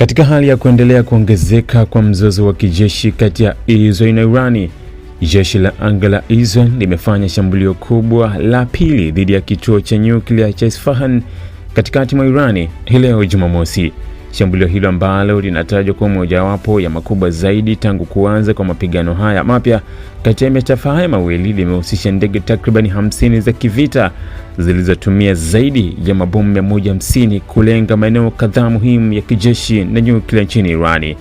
Katika hali ya kuendelea kuongezeka kwa mzozo wa kijeshi kati ya Israel na Irani, jeshi la anga la Israel limefanya shambulio kubwa la pili dhidi ya kituo cha nyuklia cha Isfahan katikati mwa Irani hii leo Jumamosi. Shambulio hilo ambalo linatajwa kuwa mojawapo ya makubwa zaidi tangu kuanza kwa mapigano haya mapya kati ya mataifa haya mawili limehusisha ndege takribani 50 za kivita zilizotumia zaidi ya mabomu 150 kulenga maeneo kadhaa muhimu ya kijeshi na nyuklia nchini Irani.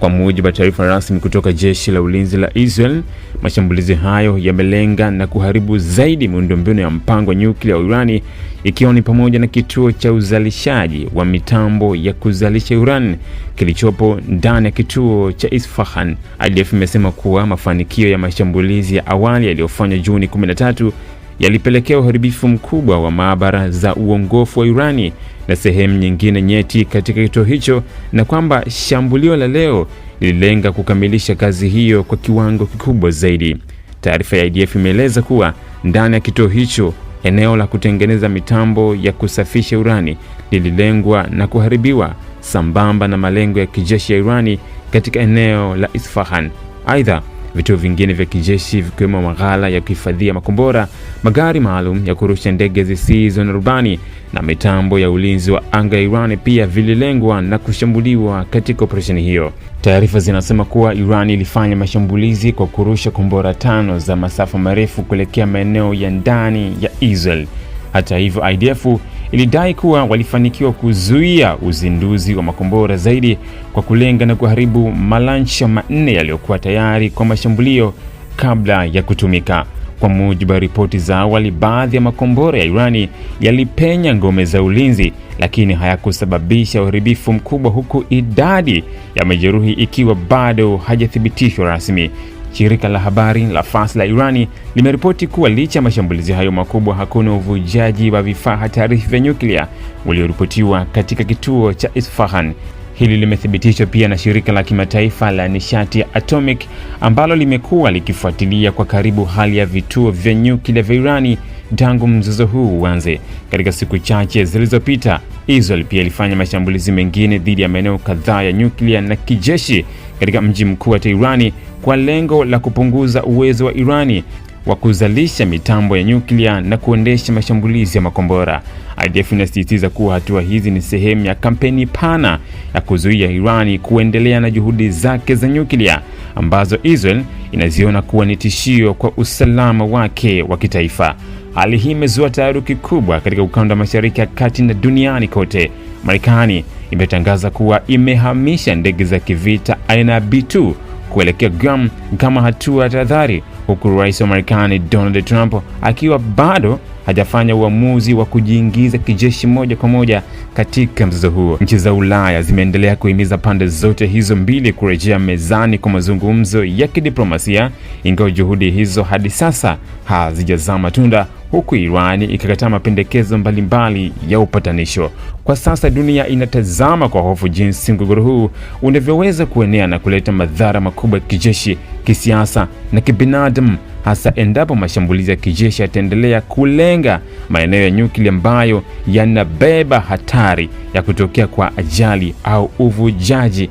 Kwa mujibu wa taarifa rasmi kutoka jeshi la ulinzi la Israel, mashambulizi hayo yamelenga na kuharibu zaidi miundombinu ya mpango wa nyuklia wa Irani, ikiwa ni pamoja na kituo cha uzalishaji wa mitambo ya kuzalisha urani kilichopo ndani ya kituo cha Isfahan. IDF imesema kuwa mafanikio ya mashambulizi ya awali yaliyofanywa Juni 13 yalipelekea uharibifu mkubwa wa maabara za uongofu wa irani na sehemu nyingine nyeti katika kituo hicho, na kwamba shambulio la leo lililenga kukamilisha kazi hiyo kwa kiwango kikubwa zaidi. Taarifa ya IDF imeeleza kuwa ndani ya kituo hicho eneo la kutengeneza mitambo ya kusafisha urani lililengwa na kuharibiwa sambamba na malengo ya kijeshi ya Irani katika eneo la Isfahan. Aidha, vituo vingine vya kijeshi vikiwemo maghala ya kuhifadhia makombora magari maalum ya kurusha ndege zisizo na rubani na mitambo ya ulinzi wa anga ya Iran pia vililengwa na kushambuliwa katika operesheni hiyo. Taarifa zinasema kuwa Iran ilifanya mashambulizi kwa kurusha kombora tano za masafa marefu kuelekea maeneo ya ndani ya Israel. Hata hivyo, IDF ilidai kuwa walifanikiwa kuzuia uzinduzi wa makombora zaidi kwa kulenga na kuharibu malansha manne yaliyokuwa tayari kwa mashambulio kabla ya kutumika. Kwa mujibu wa ripoti za awali, baadhi ya makombora ya Irani yalipenya ngome za ulinzi, lakini hayakusababisha uharibifu mkubwa, huku idadi ya majeruhi ikiwa bado hajathibitishwa rasmi. Shirika la habari la Fars la Irani limeripoti kuwa licha ya mashambulizi hayo makubwa, hakuna uvujaji wa vifaa hatarishi vya nyuklia ulioripotiwa katika kituo cha Isfahan Hili limethibitishwa pia na shirika la kimataifa la nishati ya Atomic ambalo limekuwa likifuatilia kwa karibu hali ya vituo vya nyuklia vya Irani tangu mzozo huu uanze. Katika siku chache zilizopita, Israel pia ilifanya mashambulizi mengine dhidi ya maeneo kadhaa ya nyuklia na kijeshi katika mji mkuu wa Teherani kwa lengo la kupunguza uwezo wa Irani wa kuzalisha mitambo ya nyuklia na kuendesha mashambulizi ya makombora. IDF inasisitiza kuwa hatua hizi ni sehemu ya kampeni pana ya kuzuia Irani kuendelea na juhudi zake za nyuklia ambazo Israel inaziona kuwa ni tishio kwa usalama wake wa kitaifa. Hali hii imezua taharuki kubwa katika ukanda wa Mashariki ya Kati na duniani kote. Marekani imetangaza kuwa imehamisha ndege za kivita aina ya B2 kuelekea Guam kama hatua ya tahadhari huku rais wa Marekani Donald Trump akiwa bado hajafanya uamuzi wa kujiingiza kijeshi moja kwa moja katika mzozo huo. Nchi za Ulaya zimeendelea kuhimiza pande zote hizo mbili kurejea mezani kwa mazungumzo ya kidiplomasia, ingawa juhudi hizo hadi sasa hazijazaa matunda, huku Irani ikikataa mapendekezo mbalimbali ya upatanisho. Kwa sasa dunia inatazama kwa hofu jinsi mgogoro huu unavyoweza kuenea na kuleta madhara makubwa ya kijeshi, kisiasa na kibinadamu, hasa endapo mashambulizi ya kijeshi yataendelea kulenga maeneo ya nyuklia ambayo yanabeba hatari ya kutokea kwa ajali au uvujaji